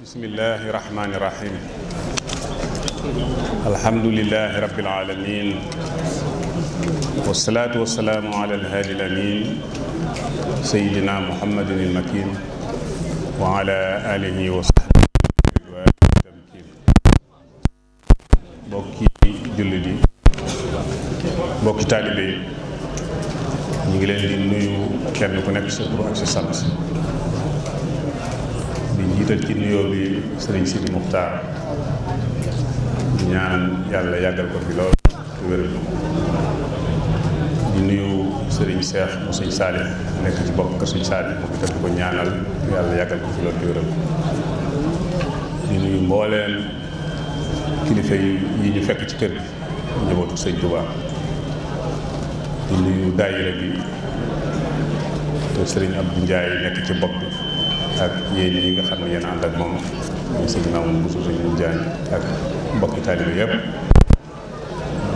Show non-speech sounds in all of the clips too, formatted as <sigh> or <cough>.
bismillahi rahmaani rahim alhamdulilahi rabbil alamin wasalaatu wasalaamu ala alhaadi al amin sayidina muhammadin il makin wa ala alihi wa sahbihi wa tamkin bokki jullit yi bokki taalibe yi ñu ngi leen di nuyu kenn ku nekk sa tur ak sa sant jiital ci nuyoo bi sëriñ Sidi Muxtaar ñaan yàlla yàggal ko fi lool di nuyu sëriñ Seex mu sëñ Saalim nekk ci bopp ka suñ Saalim moom itam ko ñaanal yàlla yàggal ko fi lool di nuyu mbooleem kilifa yi ñu fekk ci kër gi njabootu sëñ Tuubaa di nuyu daayira bi te sëriñ Abdou Ndiaye nekk ci bopp ak yéen ñi nga xam ne yéen ànd ak moom ñu sëñ Mamoune Bousso sëñ Jaañ ak mbokki taalibe yëpp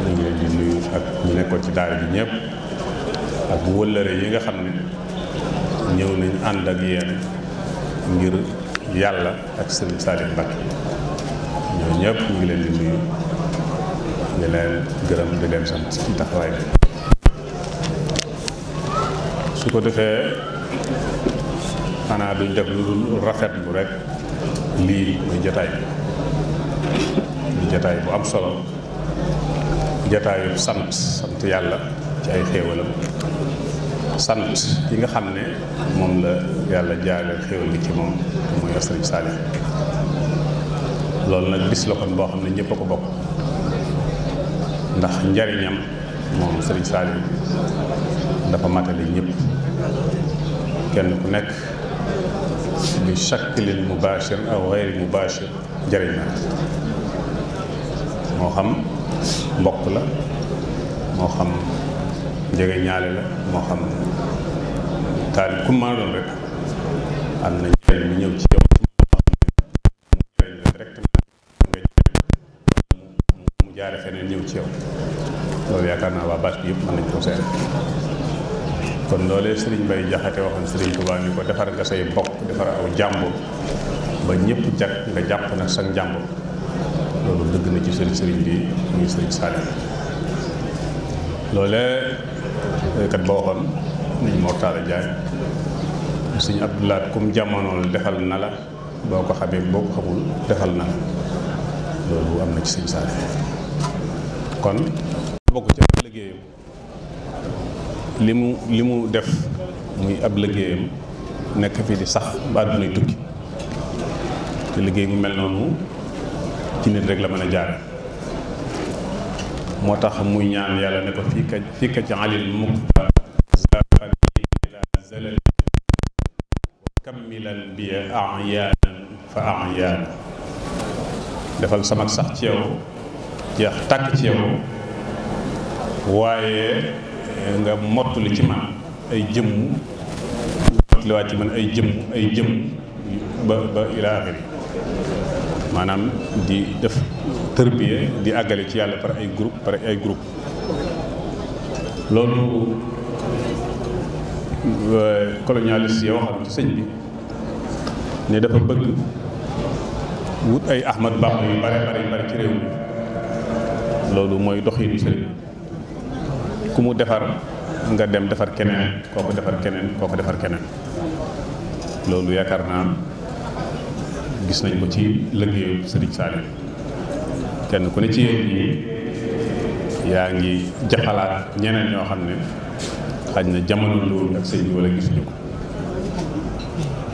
ñu ngi leen di nuyu ak ñu nekkoon ci daara bi ñëpp ak wëllëre yi nga xam ne ñëw nañ ànd ak yéen ngir yàlla ak sëriñ Saliou Mbacké ñoo ñëpp ñu ngi leen di nuyu di leen gërëm di leen sant ci taxawaay bi su ko defee xanaa duñ def lu dul rafetlu rek lii muy jataay bi jataay bu am solo jataayu sant sant yàlla ci ay xéewalam sant yi nga xam ne moom la yàlla jaareel xéewal gi ci moom mooy sëriñ Saliou loolu nag bis la kon boo xam ne ñëpp a ko bokk ndax njariñam moom sëriñ Saliou dafa matale ñëpp kenn ku nekk bi shaklin mubashir aw xeyri mubashir jëriñ na moo xam mbokk la moo xam jege ñaale la moo xam taal ku maa doon rek am na njëriñ bi ñëw ci yow mu jaare feneen ñëw ci yow loolu yaakaar naa waa bâche bi yëpp mën nañ ko kon loolee sëriñ Mbay Jaxate waxoon sëriñ Tuubaa ni ko defar nga say bokk defar aw jàmbur ba ñëpp jag nga jàpp na sa njàmbur loolu dëgg na ci seen sëriñ bi muy sëriñ Saalim loolee kat ba waxoon nañ Mor Talla Jaay sëñ Abdoulaat kum jamonool defal na la boo ko xamee boo ko xamul defal na la loolu am na ci sëñ Saalim kon bokk ci liggéeyam li mu li mu def muy ab liggéeyam nekk fi di sax ba àddunay tukki te liggéey bu mel noonu ci nit rek la mën a jaar moo tax muy ñaan yàlla ne ko fii ka fii ka fa defal sama sax ci jeex tàkk ci waaye nga mottali li man ay jëmm mottaliwaat ci man ay jëmm ay jëmm ba ba ila axiri maanaam di def tërbiye di àggale ci yàlla par ay groupe par ay groupe loolu euh, colonialiste yi waxoon ci sëñ bi ne dafa bëgg wut ay Ahmad Bamba yu bare bare yu bare ci réew loolu mooy doxinu sëriñ ku mu defar nga dem defar keneen kooku defar keneen ko defar keneen loolu yaakaar naa gis nañ ko ci liggéeyu Serigne Saliou kenn ku ne ci yéen yaa ngi jaxalaat ñeneen ñoo xam ne xaj na jamono loolu ak sëñ bi wala gisuñu ko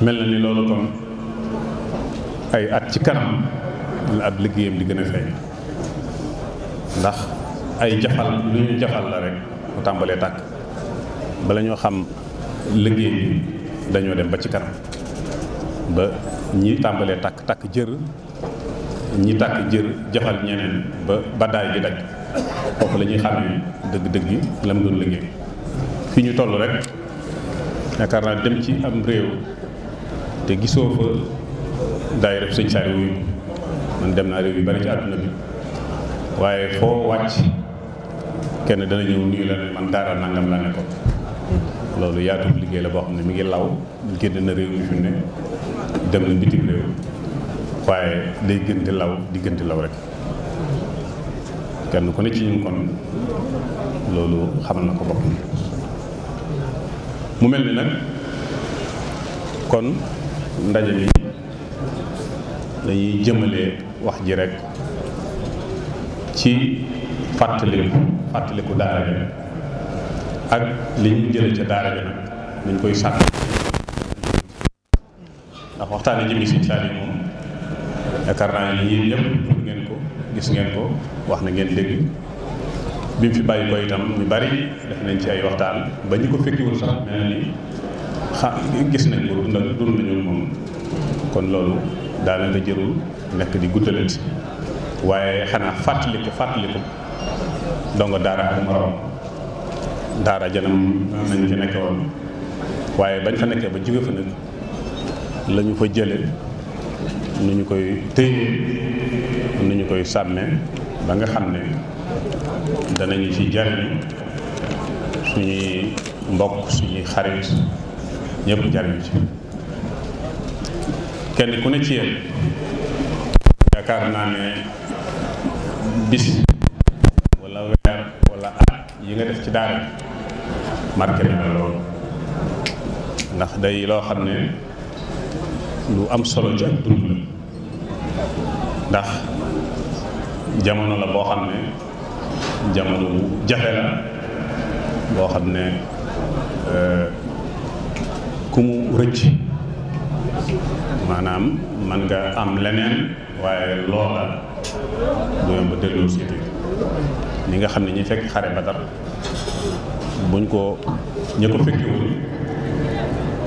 mel na ni loolu kon ay at ci kanam la ab liggéeyam di gën a feeñ ndax ay jafal lu ñu jafal la rek mu tàmbalee tàkk bala ñoo xam liggéey dañoo dem ba ci kanam ba ñi tàmbalee tàkk tàkk jër ñi tàkk jër jafal ñeneen ba baddaay bi daj foofu lañuy ñuy xamee dëgg-dëgg yi la mu doon liggéey fi ñu toll rek yaakaar naa dem ci am réew te gisoo fa daay ref sëñ wuyu man dem naa réew yu bari ci àdduna bi waaye foo wàcc kenn dana ñëw nuyu la ne man daara nangam la nekkoon loolu yaatub liggéey la boo xam ne mu ngi law génn na réew mi fi ne dem na bitim réew waaye day gën law di law rek kenn ku ne ci ñun kon loolu xamal na ko boppam mu mel ni nag kon ndaje mi dañuy jëmale wax ji rek ci fàttaliku fàttaliku daara ja ak li ñu jële ca daara ja nag dañ koy sàkk ndax waxtaane jëmi siñ saali moom yaakaar naa ñëpp dund ngeen ko gis ngeen ko wax na ngeen léegi bi mu fi bàyyi ko itam ñu bari def nañ ci ay waxtaan ba ñu ko fekkiwul sax mel na ni xa gis nañ ko dundal dund nañu moom kon loolu daanaka jërul nekk di guddalati waaye xanaa fàttaliku fàttaliku donc daara ak morom daara janam nañ ci nekke waaye bañ fa nekkee ba jóge fa nag la fa jële nu ñu koy téye nu ñu koy sàmme ba nga xam ne danañu ci jariñ suñuy mbokk suñuy xarit ñëpp jariñ ci kenn ku ne ci yéen yaakaar naa ne bis yi nga def ci daara marqué na la loolu ndax day loo xam ne lu am solo ci dund la ndax jamono la boo xam ne jamono bu jafe la boo xam ne euh, ku mu rëcc maanaam man nga am leneen waaye loola du yomb delloo si ñi nga xam ne ñi fekk xare Badar buñ ko ña ko fekkewul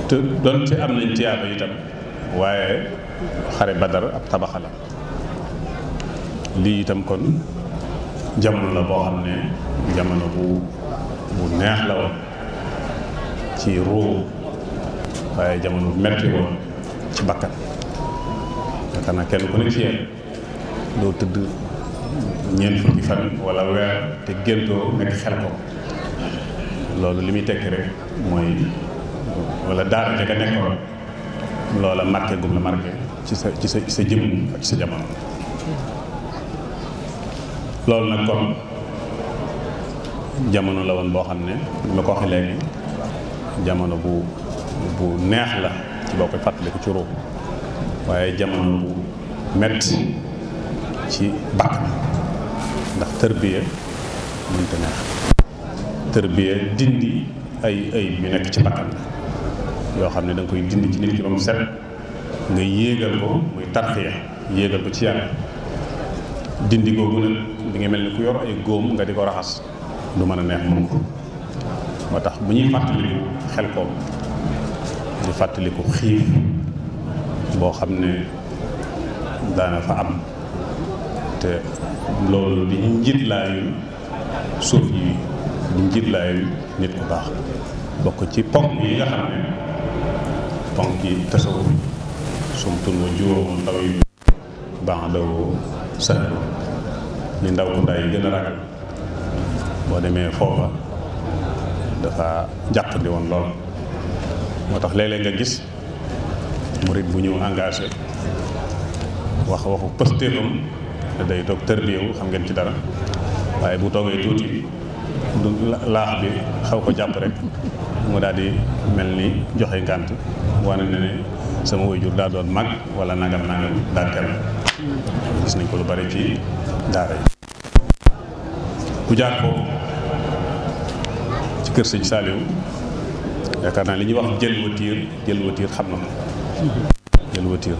te donte am nañ tiyaaba itam waaye xare Badar ab tabaxa la lii itam kon jamono la boo xam ne jamono bu bu neex la woon ci ruu waaye jamono bu metti woon ci bakkan yaakaar naa kenn ku ne ci yéen doo tëdd ñeent fukki fan wala weer te géntoo nekk xel ko loolu li muy tekki rek mooy wala daara ja nga nekkoon loola marqué gum sa jëm ci jamono loolu nag kon jamono la woon boo xam ne ma ko waxee jamono bu bu neex la ci boo koy fàttaliku ci ruux waaye jamono bu metti ci bakkan ndax tërbiya mënta neex tërbiya dindi ay ay yu nekk ci bakkan la yoo xam ne da koy dindi ci nit ki ba mu set nga yéegal ko muy tarxiya yéegal ko ci yàlla dindi googu nag bi nga mel ni ku yor ay góom nga di ko raxas du mën a neex moom ko moo tax bu ñuy fàttaliku xel koom di fàttaliku xiif boo xam ne daana fa am te loolu di njiit laayu suuf yi di njiit laayu nit ku baax bokk ci ponk yi nga xam ne ponk yi tasawuf sumtun wa juróom ndaw yu baax daw sahlu li ndaw ku ndaay gën a ragal boo demee foofa dafa jàppandi woon lool moo tax léeg nga gis murit bu ñu engagé wax waxu pëstéefam te day toog tërbiyewu xam ngeen ci dara waaye bu toogee tuuti du laax bi xaw ko jàpp rek mu daal di mel ni joxe ngànt wane ne ne sama waajur daa doon mag wala nangam nangam dànkal gis nañ ko lu bari ci daara yi ku jaar ci kër sëñ Saliou yaakaar naa li ñuy wax jël watiir jël watiir xam na jël watiir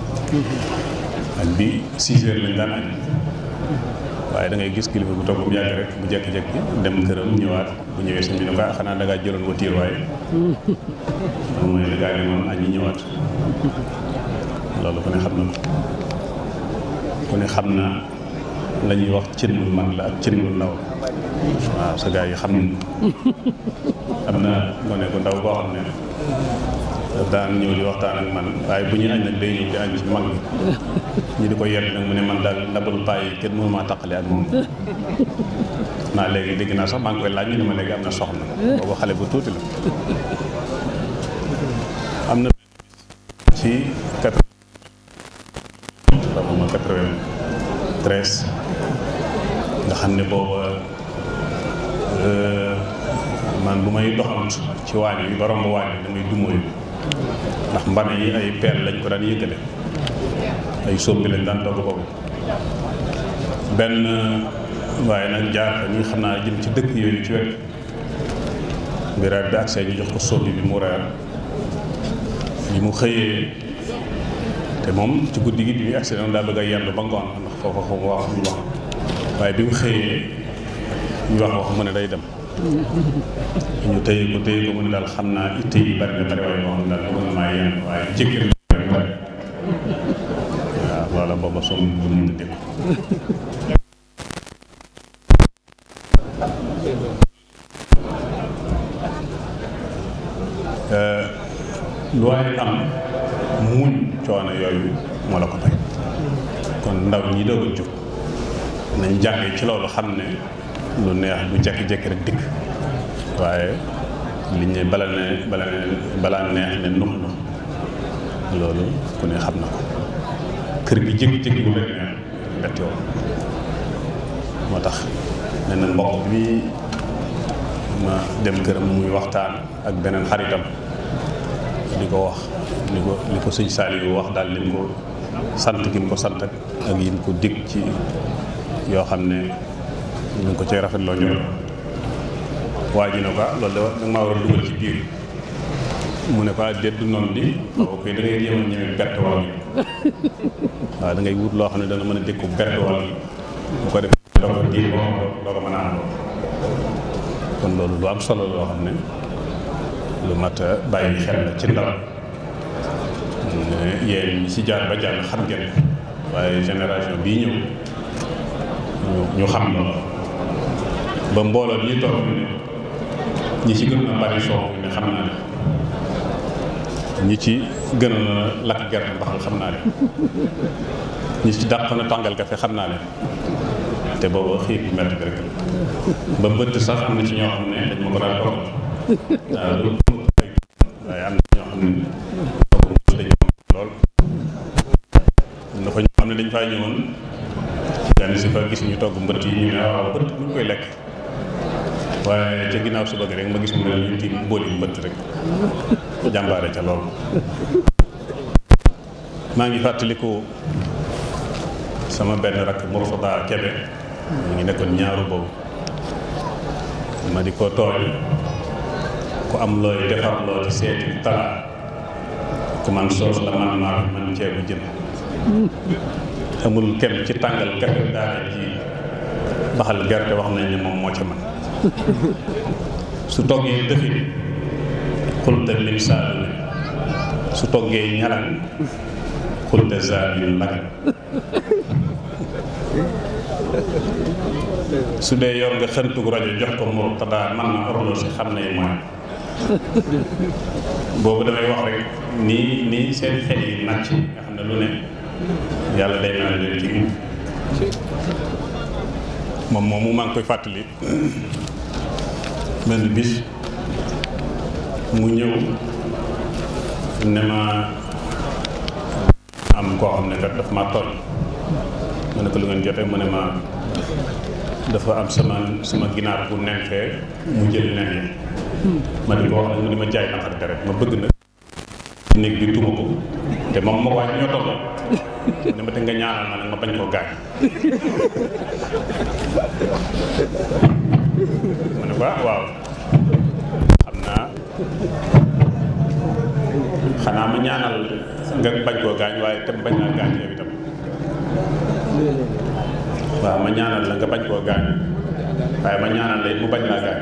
añ bi six heures daan añ waaye da ngay gis kilifa bu togg bu yàgg rek bu jekki-jekki dem këram ñëwaat bu ñëwee sëñ bi ne ko ah, xanaa da jëloon watiir waaye moom añ yi ñëwaat loolu ku ne xam na ko la ñuy wax cin lu mag la ak cin lu ndaw waaw sa gars yi xam nañ am na gone ndaw boo ne daan ñëw di waxtaan ak man waaye bu ñuy añ nag day ñëw di añ ci mag ñu di ko yedd nag mu ne man daal ndabal paay yi kenn mënu maa taqale ak moom naa léegi dégg naa sax maa ngi koy laaj ñu ne ma léegi am na soxna boobu xale bu tuuti la am quatre-vingt-treize nga xam ne booba euh, man bu may doxant ci waañ yi ba waañ yi damay dumóoyu ndax mbana yi ay peel lañ ko daan yëgale ay sombi lañ daan togg boobu benn waaye nag jaar fa ñuy xam naa jëm ci dëkk yooyu ci wet bi reer bi agsee ñu jox ko sombi bi mu reer bi mu xëyee te moom ci guddi gi bi muy agsee dana daa bëgg a ba ngoon ndax foofa xaw wax ñu wax waaye bi mu xëyee ñu wax wax mu ne day dem ñu xam naa itte yi bari na bari waaye boo xam ne euh, muñ coono yooyu moo la ko tey kon ndaw ñi doog jóg nañ jàngee ci loolu xam ne lu neex bu jekki-jekki rek dikk waaye li ñu bala ne bala ne balaa neex ne nux nux loolu ku ne xam na ko kër bi jékki-jékki bu rek neex mbett yow moo tax nee na mbokk bi ma dem këram muy waxtaan ak beneen xaritam di ko wax li ko li ko sëñ Saliou wax daal lim ko sant gi mu ko sant ak ak yim ko dig ci yoo xam ne ñu ko cee rafetloo ñoom waa ah, loolu de ci biir mu ne ko ah, déet du noonu di oh, <laughs> wut loo xam ne dana mën a dékku bett bu ko defee doo ko diir mën a kon loolu lu am solo loo xam ne lu mat a bàyyi xel la ci ndaw yéen ñi si jaar ba jàll xam ngeen waaye génération bii ñëw ñu xam loolu ba mbooloo ñuy toog ñu ne ñi ci gën a bari soow ne xam naa ne ñi ci gën a lakk gerte mbaxal xam naa ne ñu ci dàq na tàngal kafe xam naa ne te booba xiif bu metti bi rek ba mbëtt sax am na ci ñoo xam ne dañ ma ko daan toggal si fa gis ñu togg mbëtt yi ñu ne waaw mbëtt bu ñu koy lekk waaye ca ginnaaw suba gi rek ma gis mu ne luñ ci bóoli mbëtt rek jàmbaare ca loolu maa ngi fàttaliku sama benn rakk Murtada Kebe mu ngi nekkoon ñaaru boobu ma di ko tooñ ku am looy defar loo ci seeti tala ku man soos la man maa man ceebu jën amul kenn ci tàngal kafe daara ji baxal gerte wax nañ ne moom moo ca man <laughs> su toggee dëfin xulta lim saalimi su toggee ñalan xulta zaalim lagan <laughs> su dee yor nga xëntug rajo jox ko mur tadaa man na orlo si xam ne mooy boobu damay wax rek nii nii seen xel yi nàcc nga xam ne lu ne yàlla day mel leen ci moom moom mu maa koy fàttali benn bis mu ñëw ne ma am koo xam ne kat daf ma toll ma ne lu ngeen jotee mu ne ma dafa am sama sama ginaar bu nenkee mu jël nen yi ma ne ko wax nag ma jaay naqar deret ma bëgg nag néeg bi tuma ko te moom ma waaye ñoo toll ne ma te nga ñaanal ma nag ma bañ koo gaañ ma ne ko ah waaw xam naa xanaa ma ñaanal nga bañ koo gaañ waaye tam bañ naa gaañ yow itam waaw ma ñaanal la nga bañ koo gaañ waaye ma ñaanal la mu bañ laa gaañ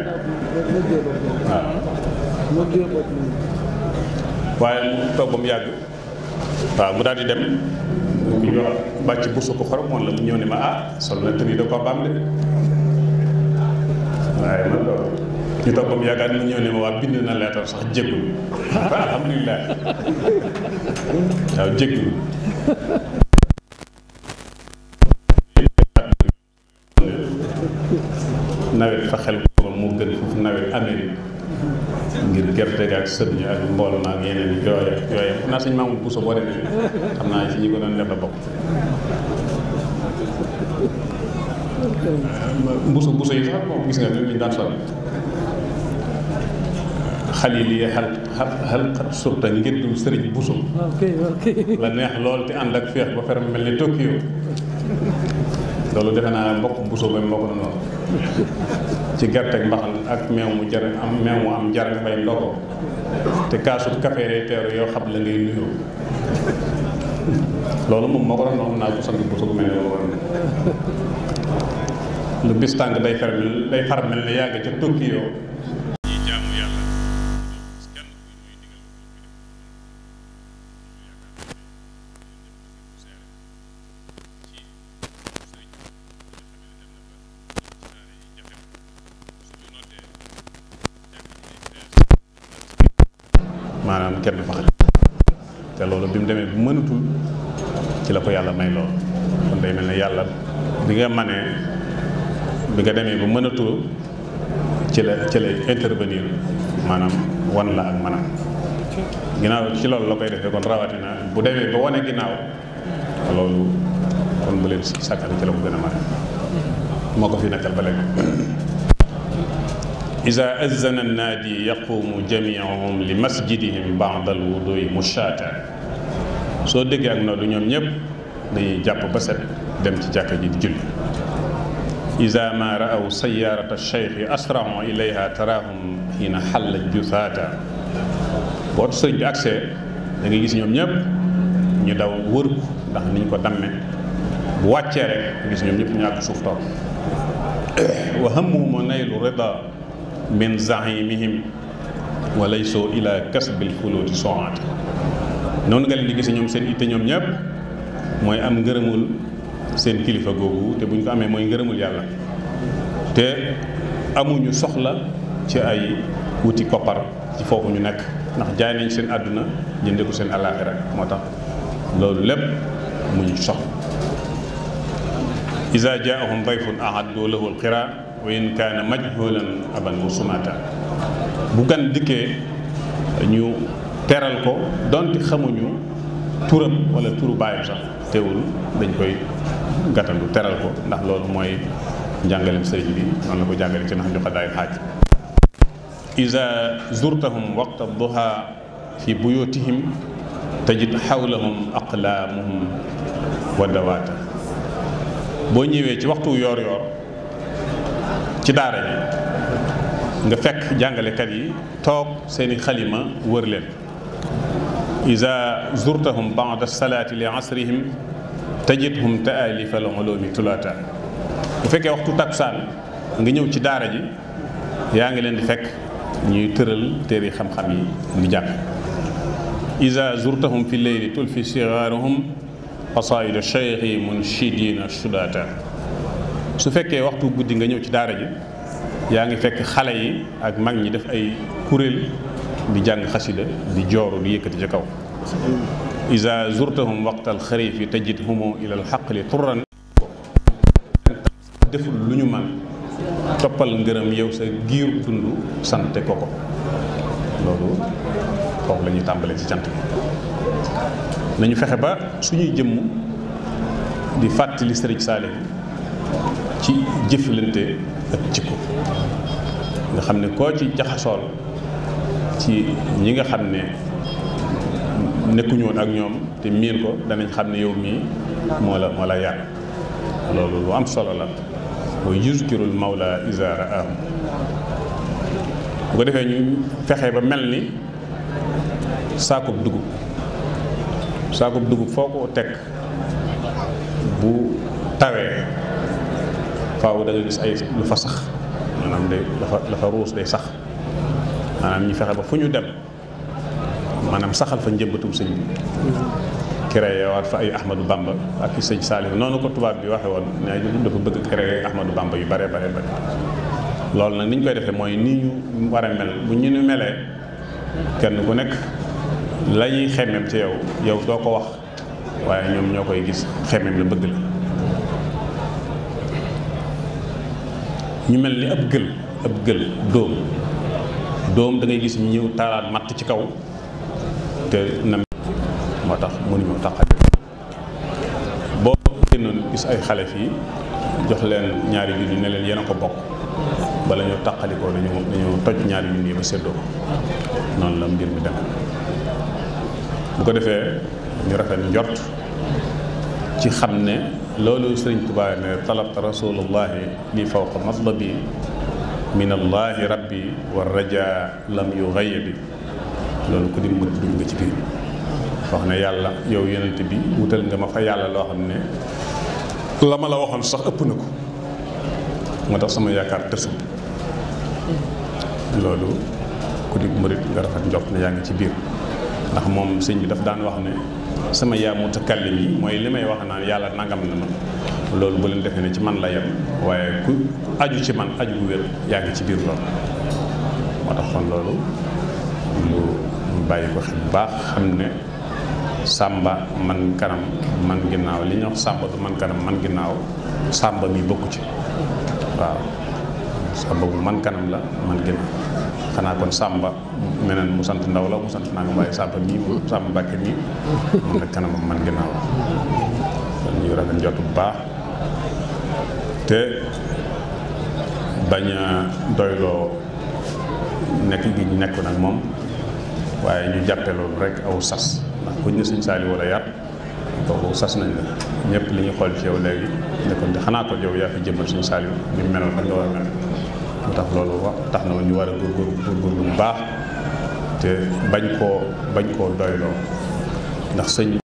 waaw waaye mu yàgg waaw mu daal di dem mu bàcc bursu ko xorom moom la mu ñëw ne ma ah sol na tenue de combat de waaye man loolu ñu toog ba yaakaar ne ñëw ne ma waa bind na leetar sax jéggul <laughs> alhamdulilah waaw jéggul nawet fa xel moo gën foofu nawet Amérique ngir gerte gi ak sëb ñi ak mbool ma ak yeneen yooya yooya xam naa sëñ Maamu Buso boo demee xam naa ci ñi ko doon def bokk mbuusu mbuusu yi sax moom gis nga li ñu daan sol xalil yi xal xal xal surta ngir dum sëriñ buusu la neex lool te ànd ak féex ba fer mel ni Tokyo loolu defe naa mbokk buusu ba moo ko noonu ci gerte ak mbaxal ak meew mu jar am mu am jar nga fay ndoko te xam la loolu moom moo ko doon wax naa ko sant buusu bu mel ne loolu nga bis tànk day far mel day far mel ne yaa ngi ca Tokyo ci lay intervenir maanaam wan la ak maanaam ginaaw ci loolu la koy defee kon rawatina bu demee ba wane ginnaaw loolu kon bu leen sàkkari ci la mu gën moo ko fi nekkal ba léegi ida azana annaadi yaqumu jamiuhum li masjidihim baada al wudui mushaata soo déggee ak noo du ñoom ñëpp dañuy jàpp ba set dem ci jàkka ji di julli isa ma raaw sayaarata cheikhi asrahu ilayha tarahum xiina xalla jusaata bootu sëñ bi accès da ngay gis ñoom ñëpp ñu daw wër ko ndax niñ ko damme bu wàccee rek gis ñoom ñëpp ñu àgg suuf toog wa hammuhum naylu rida min zahimihim wa laysu ila kasbil fuluti soxaat noonu nga leen di gis ñoom seen it ñoom ñëpp mooy am ngërëmul seen kilifa googu te bu ñu ko amee mooy ngërëmul yàlla te amuñu soxla ci ay wuti koppar ci foofu ñu nekk ndax jaay nañ seen àdduna jënde ko seen alaaxira moo tax loolu lépp mu ñu soxla isa jaahum dayfun ahaddu lahu alqira wa in kaana majhulan aban musumata bu gan dikkee ñu teral ko donte xamuñu turam wala turu baayam sax teewul dañ koy gàttandu teral ko ndax loolu mooy njàngaleem sëriñ bi noonu la ko jàngale ci nax ñu xadaay xaaj iza zurtahum waqta duha fi buyutihim tajid xawlahum aqlaamuhum wa dawaata boo ñëwee ci waxtu yoor yoor ci daara ji nga fekk jàngalekat yi toog seeni xalima wër leen iza zurtahum ba'da salaati li asrihim tajidhum taalifal ulumi tulaata bu fekkee waxtu taksaan nga ñëw ci daara ji yaa ngi leen di fekk ñuy tëral téere xam-xam yi ñu jàpp iza zurtahum fi leyli tulfi sigaaruhum qasaidu cheikhi munshidina sudata su fekkee waxtu guddi nga ñëw ci daara ji yaa ngi fekk xale yi ak mag ñi def ay kuréel di jàng xasida di jooru di yëkkati ca kaw isa zurtahum waqtal xariif yi tajid humu ilal xaqli turran deful lu ñu man toppal ngërëm yow sa giiru dund sante koko ko loolu foofu la ñuy tàmbalee ci bi nañu fexe ba suñuy jëmm di fàttali sëriñ Saliou ci jëflante ak jikko nga xam ne koo ci jaxasool ci ñi nga xam ne nekkuñu woon ak ñoom te miin ko danañ xam ne yow mii moo la moo la yar loolu lu am solo la wa yuskirul mawla iza raahu bu ko defee ñu fexe ba mel ni saakub dugub saakub dugub foo ko teg bu tawee faaw da gis ay lu fa sax maanaam day dafa dafa ruus day sax maanaam ñu fexe ba fu ñu dem maanaam saxal fa njëmbatum sëñ bi créé fa ay Ahmadou Bamba ak i sëñ Saliou noonu ko tubaab bi waxe woon nee dafa bëgg créé Ahmadou Bamba yu bare bare bare loolu nag ni ñu koy defee mooy ni ñu war a mel bu ñu nu melee kenn ku nekk la ñuy ci yow yow doo ko wax waaye ñoom ñoo koy gis xemmem la bëgg la ñu mel ni ab gël ab gël dóom dóom da ngay gis ñëw taalaat matt ci kaw te nam moo tax mënuñoo taqale boo génnoon gis ay xale fii jox leen ñaari junni ne leen yéen ko bokk bala ñu taqalikoo dañu dañu toj ñaari junni ba séddoo noonu la mbir mi demee bu ko defee ñu rafet njort ci xam ne loolu sëriñ Tuubaa ne talabta rasulullahi li fawqa matlabi min allahi rabbi wa raja lam yu gayya bi loolu ku di mët dugg nga ci biir wax ne yàlla yow yonent bi wutal nga ma fa yàlla loo xam ne la ma la waxoon sax ëpp na ko moo tax sama yaakaar tësam loolu ku di murit rafet njort ne yaa ngi ci biir ndax moom sëñ bi daf daan wax ne sama yaa mutakallim yi mooy li may wax naan yàlla nangam na ma loolu bu leen defee ne ci man la yem waaye ku aju ci man aju bu wér yaa ci biir loolu moo tax kon loolu bàyyi ko xel baax xam ne sàmba man kanam man ginnaaw li ñuy wax sàmba du man kanam man ginnaaw sàmba mi bokk ci waaw sàmba bu man kanam la man ginnaaw xanaa kon sàmba meneen mu sant ndaw la mu sant naa nga waaye sàmba mii moom sàmba mbàkke mii moom nag kanamam man ginnaaw la kon ñu njot bu baax te bañ doyloo nekk gi ñu nekk nag moom waaye ñu jàppe loolu rek aw sas ndax buñ ne sëñ Saaliw wala yar kooku sas nañ la ñëpp li ñu xool ci yow léegi ne di xanaa ko yow yaa fi jëmmal sëñ Saaliw ñu melal ko nga war a mel mu tax loolu wax tax na ñu war a góorgóor góorgóorlu bu baax te bañ koo bañ koo doyloo ndax sëñ